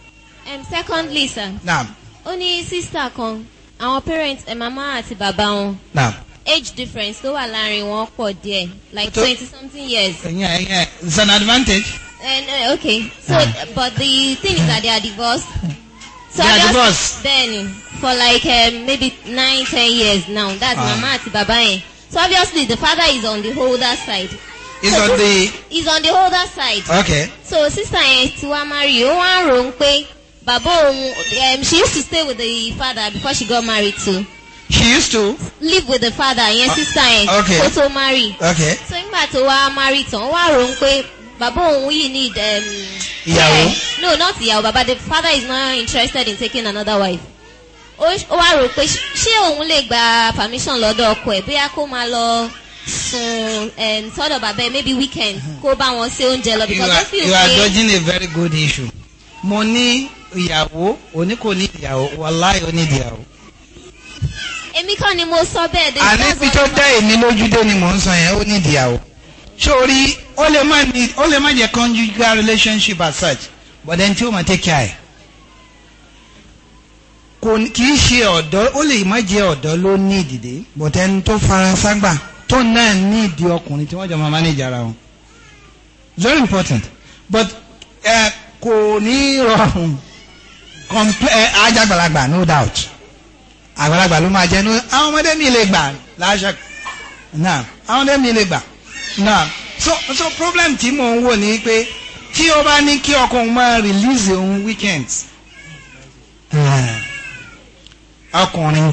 Um, secondly sir. naam. ó ní sísá kan àwọn parents ẹ̀ eh, mama àti bàbá wọn. na age difference tó wà láàrin wọn pọ̀ díẹ̀ like uh, twenty something years. Eh, yeah, yeah. it's an advantage. And, uh, eh, okay so yeah. but the thing is that they are divorced. So they are divorced. bẹ́ẹ̀ni for like um, maybe nine ten years now that's ah. mama àti bàbá yẹn so obviously the father is on the older side. He's so, on the. He's on the older side. Okay. So sister yẹn ti marry you want ń ròó bàbá òun um, she used to stay with the father before she got married too. she used to. live with the father yẹn uh, ah, sister yẹn. okay kó tó marry. okay so nígbà tó wá marry tán wá rò ó pé bàbá òun yìí need. Um, ìyàwó. Yeah. no not ìyàwó bàbá the father is not interested in taking another wife. ó wá rò pé ṣé òun lè gba permission lọ́dọ̀ ọkọ ẹ̀ bóyá kó máa lọ sun um, bàbá ẹ̀ maybe weekend kó bá wọn ṣe oúnjẹ lọ. you are you are judging a very good issue. mo ní ìyàwó òní kò ní ìyàwó wàláì ó ní ìyàwó. èmi kàn ni mo sọ bẹ́ẹ̀ dé. àní bí tó dá èmi lójú dé ni mò ń sọ yẹn ó ní ìyàwó. sórí ó lè má ní ó lè má jẹ conjugal relationship as such but then tí ó máa take care ẹ̀. kò kì í ṣe ọ̀dọ́ ó lè má jẹ ọ̀dọ́ ló ní ìdìde but ẹni tó faransá tó náà ní ìdí ọkùnrin tí wọ́n jọ máa manage ara wọn. very important but kò ní rọrùn Eh, ajagbalagba no doubt àgbàlagbà ló máa jẹ ní àwọn ọmọdé mi lè gbà láṣẹ náà àwọn ọmọdé mi lè gbà náà so so problem tí mò ń wò ni pé tí o bá ní kí ọkọ òun máa release òun weekends eh, ọkùnrin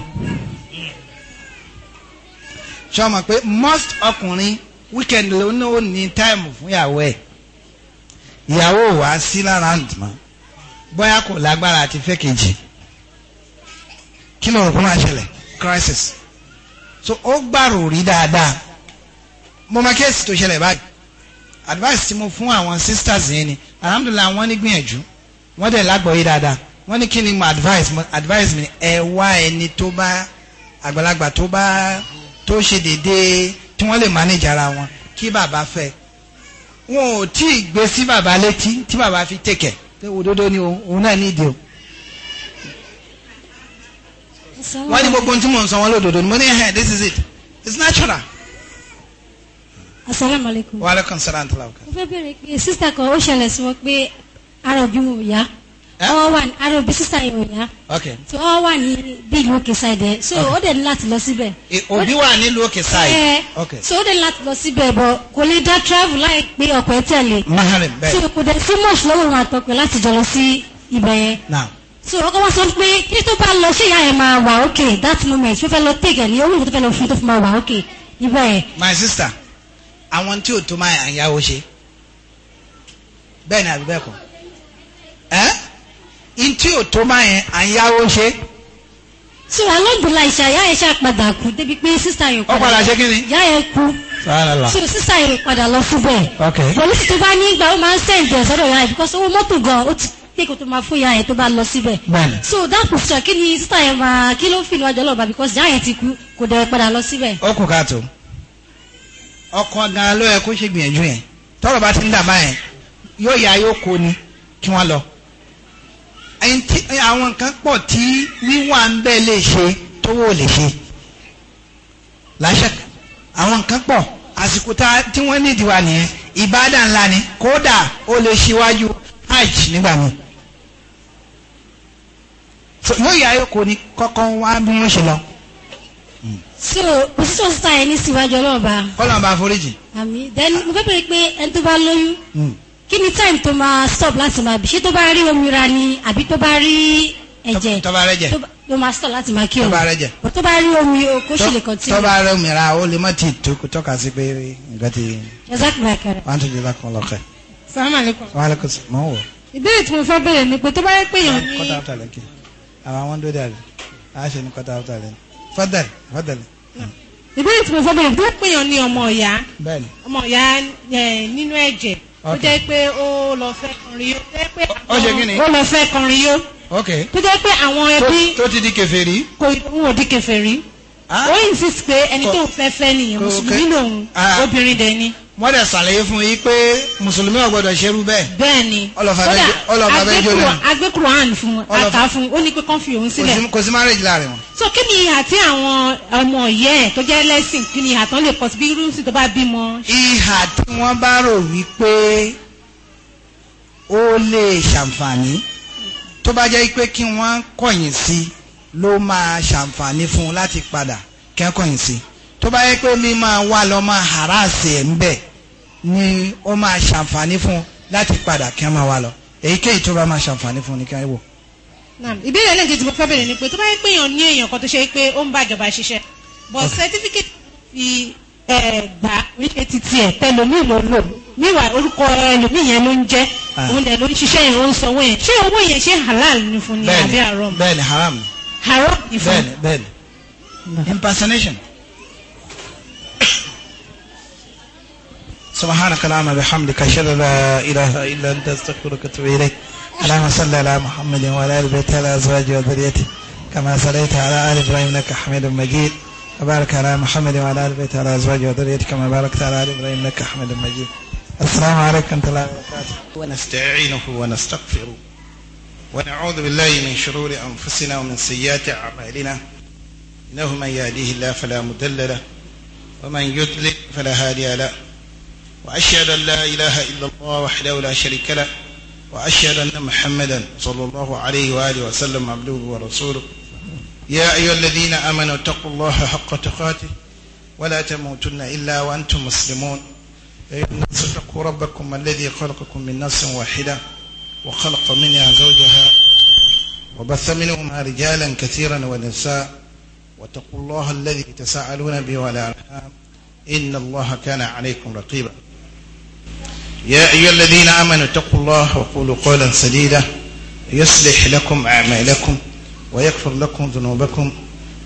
ṣe ọmọ pé most ọkùnrin weekend ló ní ó ní time fún ìyàwó ẹ ìyàwó wàá sí lára ǹdùmọ́ bóyá kò lágbára àti fẹ́ kejì kí ló rò kó máa crisis so ó gbàrò rí dáadáa mo máa kéèsì tó ṣẹlẹ̀ báyìí advice tí mo fún àwọn sisters yẹn ni alhamdulilah wọ́n ní gbìyànjú wọ́n dẹ̀ lágbọ̀ọ́yé dáadáa wọ́n ní kí ni mo advice mo advice mi ẹ wá ẹni tó bá àgbàlagbà tó bá tó ṣe déédéé tí wọ́n lè manage ara wọn kí bàbá fẹ́ wọn ò tí ì gbé sí bàbá létí tí bàbá fi tèkẹ̀ pé òdodo ni òun náà ní ìdí o wọ́n ní gbogbo tí mò ń ni mo ní ẹ̀ this is it it's natural. asalaamualeykum. wa aleykum salaam tala. mo fẹ́ bẹ̀rẹ̀ pé sísá kan ó ṣẹlẹ̀ sí wọn pé ara òbí mo yá ọ wà ní arọ bí sísá ìròyìn á tí ọ wà ní bí ìlú òkè ṣáìdẹ e, eh, so ó dẹ̀ ní láti lọ síbẹ̀. òbí wà nílùú òkè ṣáìdẹ. so ó dẹ̀ ní láti lọ síbẹ̀ bọ̀ kò lè dá travel láì pé ọ̀pẹ tẹ̀lé. maharim bẹ́ẹ̀. so kò dẹ̀ sí mọ̀ṣù lọ́wọ́ wọn àtọ̀pẹ̀ láti jọ lọ sí ibẹ̀ yẹn. so ọkọ wọn sọ pé kí tó bá lọ sí ìyá ẹ̀ máa wà òkè that moment fẹ́ fẹ́ lọ tẹ̀gẹ̀ ní owó ìfẹ́ lọ fún tó fi máa wà òkè ibẹ̀ my sister àwọn tí ò tó máa yà ń yáwó ṣe bẹ́ẹ̀ ni àbí bẹ́ẹ̀ ntí ò tó máa yẹn à ń yáwó ṣe. so alóògbòlá ìṣe àyà ẹ̀ ṣe àpàdà kú débi pé sísá yẹn padà. ó padà ṣe kí ni. ìyá ẹ kú. so sísá yẹn padà lọ fún bẹ́ẹ̀. ok polisi tó bá ní ìgbà ó máa ń sẹ́ǹdì ẹ̀ sọ́dọ̀ ìyá ẹ̀ because owó mọ́tò gan ó ti kéèkó tó máa fún ìyá yẹn tó bá lọ síbẹ̀. so that question kí ni sísá yẹn máa kí ló ń fi níwájú ọlọ́ọ̀bà because ìyá yẹn ti kú kò dẹ̀ padà lọ síbẹ̀. ó kù káàtó ọkàn gan ló yẹ kó ṣe gbìyànjú yẹn tọ́rọ̀ bá ti ń dàbá yẹn yóò yá yóò kó ni kí wọ́n lọ àwọn nǹkan pọ̀ tí wíwà ń bẹ́ẹ̀ lè ṣe tówó lè ṣe láṣẹ àwọn nǹkan pọ̀ àsìkò tí wọ́n nídìí wa nìyẹn ìbádà ńlá ni kódà ó lè ṣíwájú hajj nígbà mi yóò yá ayé kò ní wá bí wọ́n ṣe lọ. so òṣìṣẹ́ sísá yẹn ní síwájú ọlọ́ọ̀ba. kọ́lọ̀ foríjì. àmì then mo gbàgbé pé ẹni tó bá lóyún. Hmm kí ni time tó máa stop láti máa bì ṣé tó bá rí omi ra ni àbí tó bá rí ẹ̀jẹ̀ tó bá rẹ̀jẹ̀ ló máa stop láti máa kí o tó bá rẹ̀jẹ̀ tó bá rí omi o kó sì lè continue. tó bá rí omi ra o lè má ti tọ́ka sí pé nǹkan ti. jazakumullah khairan. wàá tún jazakumullah khairan. salaamaleykum. waaleykum salaam wọ. ìbéèrè tí mo fẹ́ bẹ̀rẹ̀ ni pé tó bá yẹ pé èèyàn ní. kọ́tà áfítà lẹ́kì àwọn àwọn dódà rẹ̀ á ṣe ní kọ́tà áfítà lẹ́kì ìbéèrè tí mo fẹ́ bẹ̀rẹ̀ tó pèèyàn ní ọmọ ọ̀yá ọmọ ọ̀yá eh, nínú ẹ̀jẹ̀ ó jẹ́ pé ó lọ fẹ́ kọrin yó. ó ṣe kí ni. ó lọ fẹ́ kọrin yó. ok tó jẹ́ pé àwọn ẹbí. tó ti di kèfèrí. kò wò di kèfèrí. Ah. ó insist pé ẹni tó fẹ́ fẹ́ nìyẹn mùsùlùmí lòun ah. obìnrin dẹ̀ wọ́n dẹ̀ sàlàyé fún yí pé mùsùlùmí ò gbọ́dọ̀ ṣerú bẹ́ẹ̀. bẹ́ẹ̀ni kódà agbẹ́kùrọ̀ hàn fún ata fún ó ní pé kán fi òun sílẹ̀. kò sí marriage láàrin wọn. so kí ni ìhà tí àwọn ọmọ ìyẹ́ ẹ̀ tó jẹ́ lẹ́sìn kí ni ìhà tán lè pọ̀ sí bí irú sí tó bá bímọ. ìhà tí wọ́n bá rò wípé ó lè ṣàǹfààní tó bá jẹ́ pé kí wọ́n kọ̀yìn sí ló máa ṣàǹfààní tó bá yẹ pé mi máa wá lọ máa harass ẹ̀ ń bẹ̀ ni ó máa ṣàǹfààní fún láti padà kí wọ́n máa wá lọ èyíkéyìí tó bá máa ṣàǹfààní fún ni kí wọ́n wò. ìbéèrè lẹ́yìn tí mo fẹ́ bèrè ni pé tó bá yẹ pé èèyàn ní èèyàn kan tó ṣe pé ó ń bá ìjọba ṣiṣẹ́ but certificate fi gbà wíṣẹ́ títí ẹ̀ tẹlomiì ló lò níwà orúkọ ẹlòmíì yẹn ló ń jẹ́ ah. òun dẹ̀ ló ń ṣiṣẹ́ yẹn ó ń sanwó yẹn ṣé owó yẹn ṣe halal ni fún ni àbí haram. bẹ́ẹ̀ni haram. haram ni fún. bẹ́ẹ̀ni bẹ́ẹ̀ni impersonation. سبحانك اللهم بحمدك اشهد ان لا اله الا انت استغفرك واتوب اليك اللهم صل على محمد وعلى ال بيته الازواج وذريته كما صليت على ال ابراهيم انك حميد مجيد وبارك على محمد وعلى ال بيته الازواج وذريته كما باركت على ال ابراهيم انك حميد مجيد السلام عليكم ورحمه الله وبركاته ونستعينه ونستغفره ونعوذ بالله من شرور انفسنا ومن سيئات اعمالنا انه من يهديه الله فلا مضل له ومن يضلل فلا هادي له وأشهد أن لا إله إلا الله وحده لا شريك له وأشهد أن محمدا صلى الله عليه وآله وسلم عبده ورسوله يا أيها الذين آمنوا اتقوا الله حق تقاته ولا تموتن إلا وأنتم مسلمون أيها اتقوا ربكم الذي خلقكم من نفس واحدة وخلق منها زوجها وبث منهما رجالا كثيرا ونساء واتقوا الله الذي تساءلون به والأرحام إن الله كان عليكم رقيبا يا أيها الذين آمنوا اتقوا الله وقولوا قولا سديدا يصلح لكم أعمالكم ويغفر لكم ذنوبكم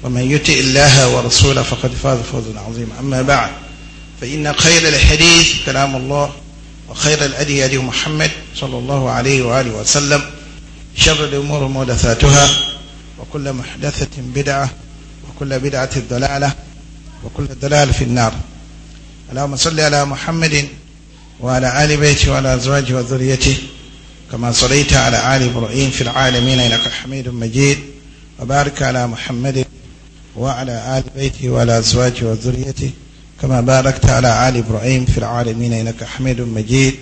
ومن يطع الله ورسوله فقد فاز فوزا عظيما أما بعد فإن خير الحديث كلام الله وخير الأدي هدي محمد صلى الله عليه وآله وسلم شر الأمور محدثاتها وكل محدثة بدعة وكل بدعة ضلالة وكل ضلال في النار اللهم صل على محمد وعلى آل بيته وعلى أزواجه وذريته كما صليت على آل إبراهيم في العالمين إنك حميد مجيد وبارك على محمد وعلى آل بيته وعلى أزواجه وذريته كما باركت على آل إبراهيم في العالمين إنك حميد مجيد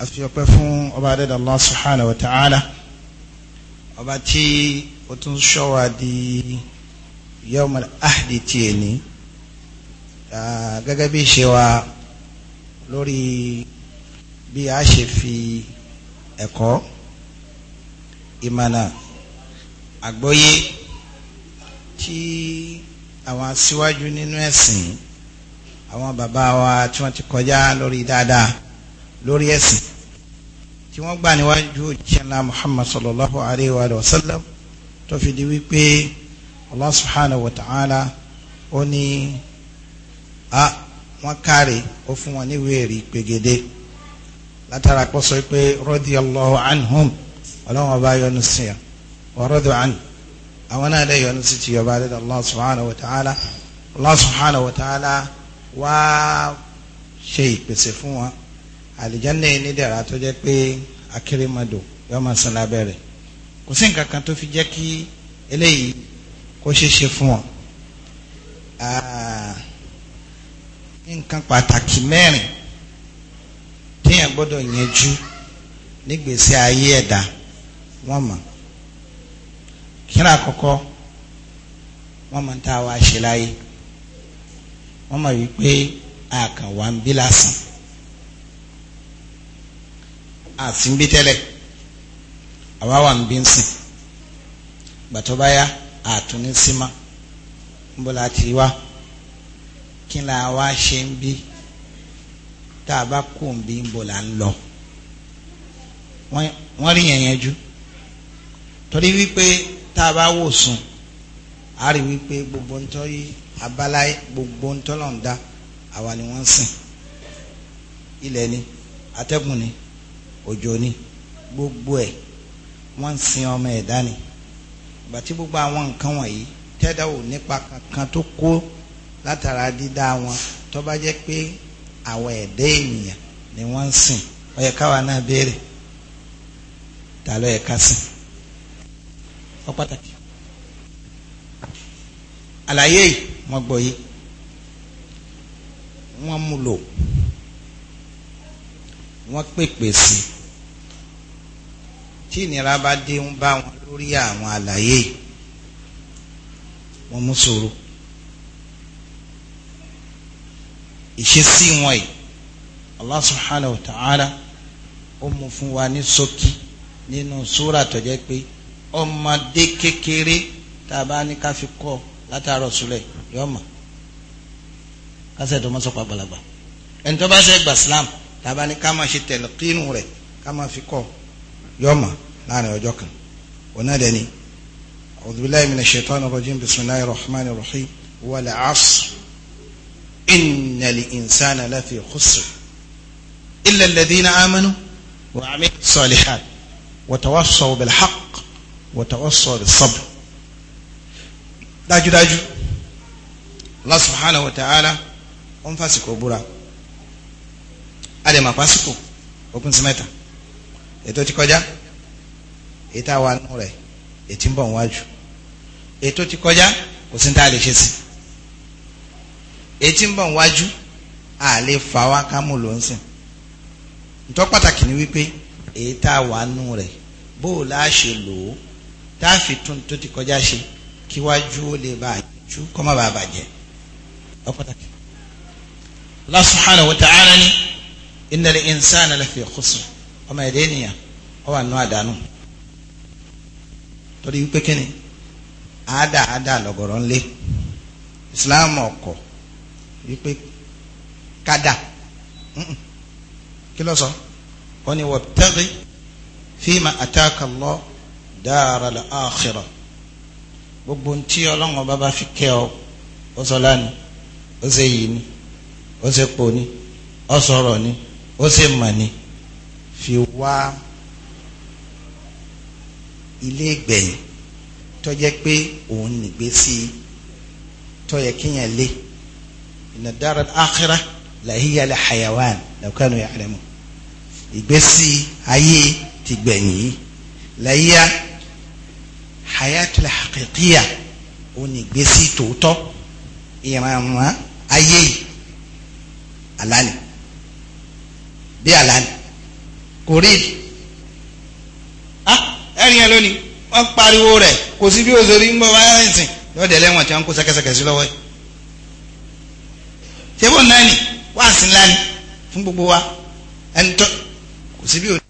أفيقف وبعد الله سبحانه وتعالى وباتي وتنشوى دي يوم الأحد تيني gẹ́gẹ́ bí ṣe wa lórí bí a ṣe fi ẹ̀kọ́ ìmọ̀nà àgbọ́yé tí àwọn aṣíwájú nínú ẹ̀sìn àwọn bàbá wa tí wọ́n ti kọjá lórí dáadáa lórí ẹ̀sìn tí wọ́n gbà níwájú ìṣẹ̀lá Muhammad sallallahu alayhi wa sallam tó fi di wípé Allah subhanahu wa ta'ala ó ní a wọ́n káre ó fún wọn ní wéèrè pegede látara kó sọ pé radiyallahu anhum ọlọ́run ọba yọ́nú sí ya wa radu an àwọn náà lè yọ́nú sí ti yọba adéda allah subhanahu wa ta'ala allah subhanahu wa ta'ala wá ṣe ìpèsè fún wọn àlìjánnà ní dẹ̀ra tó jẹ́ pé akérèmọdò yọ máa san lábẹ́ rẹ̀ kò sí nǹkan kan tó fi jẹ́ kí eléyìí kó ṣeé ṣe fún wọn nǹkan pàtàkì mẹ́rin téèyàn gbọ́dọ̀ yanjú nígbèsè ayé ẹ̀dá wọ́n mọ̀ kíra àkọ́kọ́ wọ́n mọ̀ tá a wá ṣe láyé wọ́n mọ̀ wípé àkànwá ń bí lásán àti ń bí tẹ́lẹ̀ àwa wà ń bí ń sìn gbàtọ́ bá yá ń bọ́ láti wá kí la wá ṣe ń bí tá a bá kó ń bí ń bò là ń lọ wọ́n rí yẹn yẹn jú torí wípé tá a bá wò sùn a rí wípé gbogbo ntọ́rí abáláyé gbogbo ntọ́lọ́ǹda àwa ni wọ́n sìn ilẹ̀ ni atẹ́gùn ni òjò ni gbogbo ẹ̀ wọ́n ń sin ọmọ ẹ̀dá ni bàtí gbogbo àwọn nǹkan wọ̀nyí tẹ́dá nípa kankan tó kó látara dídá wọn tó bá jẹ́ pé àwọn ẹ̀dẹ́ ènìyàn ni wọ́n ń sìn ó yẹ káwa náà béèrè ta ló yẹ ká sìn ó pàtàkì àlàyé yìí wọ́n gbọ́ yìí wọ́n mú lò wọ́n pèpè sí tí ìnira bá dé ń bá wọn lórí àwọn àlàyé yìí wọ́n mú sòrò. ìṣesí wọn yìí allah subhanahu wa ta'ala ó mú fún wa ní ṣókí nínú súrà tó jẹ́ pé ọmọdé kékeré tá a bá ní ká fi kọ́ látàárọ̀ sulẹ̀ yóò mọ̀ kásẹ̀ tó mọ́ sọ́kọ́ àgbàlagbà ẹni tó bá ṣe gbà sílámù tá a bá ní ká máa ṣe tẹ̀lẹ́kínú rẹ̀ ká máa fi kọ́ yóò mọ̀ láàrin ọjọ́ kan òun náà dẹ́ni. أعوذ بالله من الشيطان الرجيم بسم الله الرحمن الرحيم والعصر innal insana lafi khusr illa alladhina amanu wa amilu salihat wa tawassaw bil haqq wa tawassaw bis sabr dájúdájú Allah subhanahu wa ta'ala ó ń fásikò búra adèmà pásítọ̀ òpin sí mẹ́ta ètò ti kọjá ètò àwọn àánú rẹ̀ ètí ń bọ̀ wájú ètò ti kọjá kò sí ní tá a lè ṣe sí i. etí ń bọ̀ wájú a lè fa wá kámú nto ń sìn ntọ́ pàtàkì ni wípé èyí tá a wà nù rẹ̀ bó o lá ṣe lò ó tá a fi tún tó ti kọjá ṣe kí wájú ó lè bá a ju kọ́ má bàa bàjẹ́ ọ pàtàkì. wa ta'ala ni innal insana lafi khusr ọmọ ẹ̀dá ènìyàn ọ wà nù àdánù torí àádá àádá wípé kada kí ló sọ ó ní wabtaghi fima ataka Allah daral akhirah gbogbo ntí ọlọ́run ọba bá fi kẹ́ ọ ó sọ lánìí ó ṣe yìí ni ó ṣe pò ni ó sọ̀rọ̀ ni ó ṣe mà ni fi wá ilé ìgbẹ̀yìn tó pé òun nìgbésí tó yẹ lé inna ad-dara al-akhirah la hiya al-hayawan law kanu ya'lamun ìgbésí ayé ti gbẹ̀yìn yìí la hiya hayatul haqiqiyya òun ni ìgbésí tòótọ́ ìrànwọ́ ayé yìí àlàní bí àlàní kò rí ẹ̀rìn ẹ̀ lónìí wọ́n pariwo rẹ̀ kò sí bí òṣèré ń gbọ́ wáyà ẹ̀sìn yóò tí wọ́n kó sẹ́kẹ́sẹ́kẹ́ sí lọ́wọ́ yìí ṣé bó náà ni wáàsí gbogbo wa ẹni tó kò sí bí òní.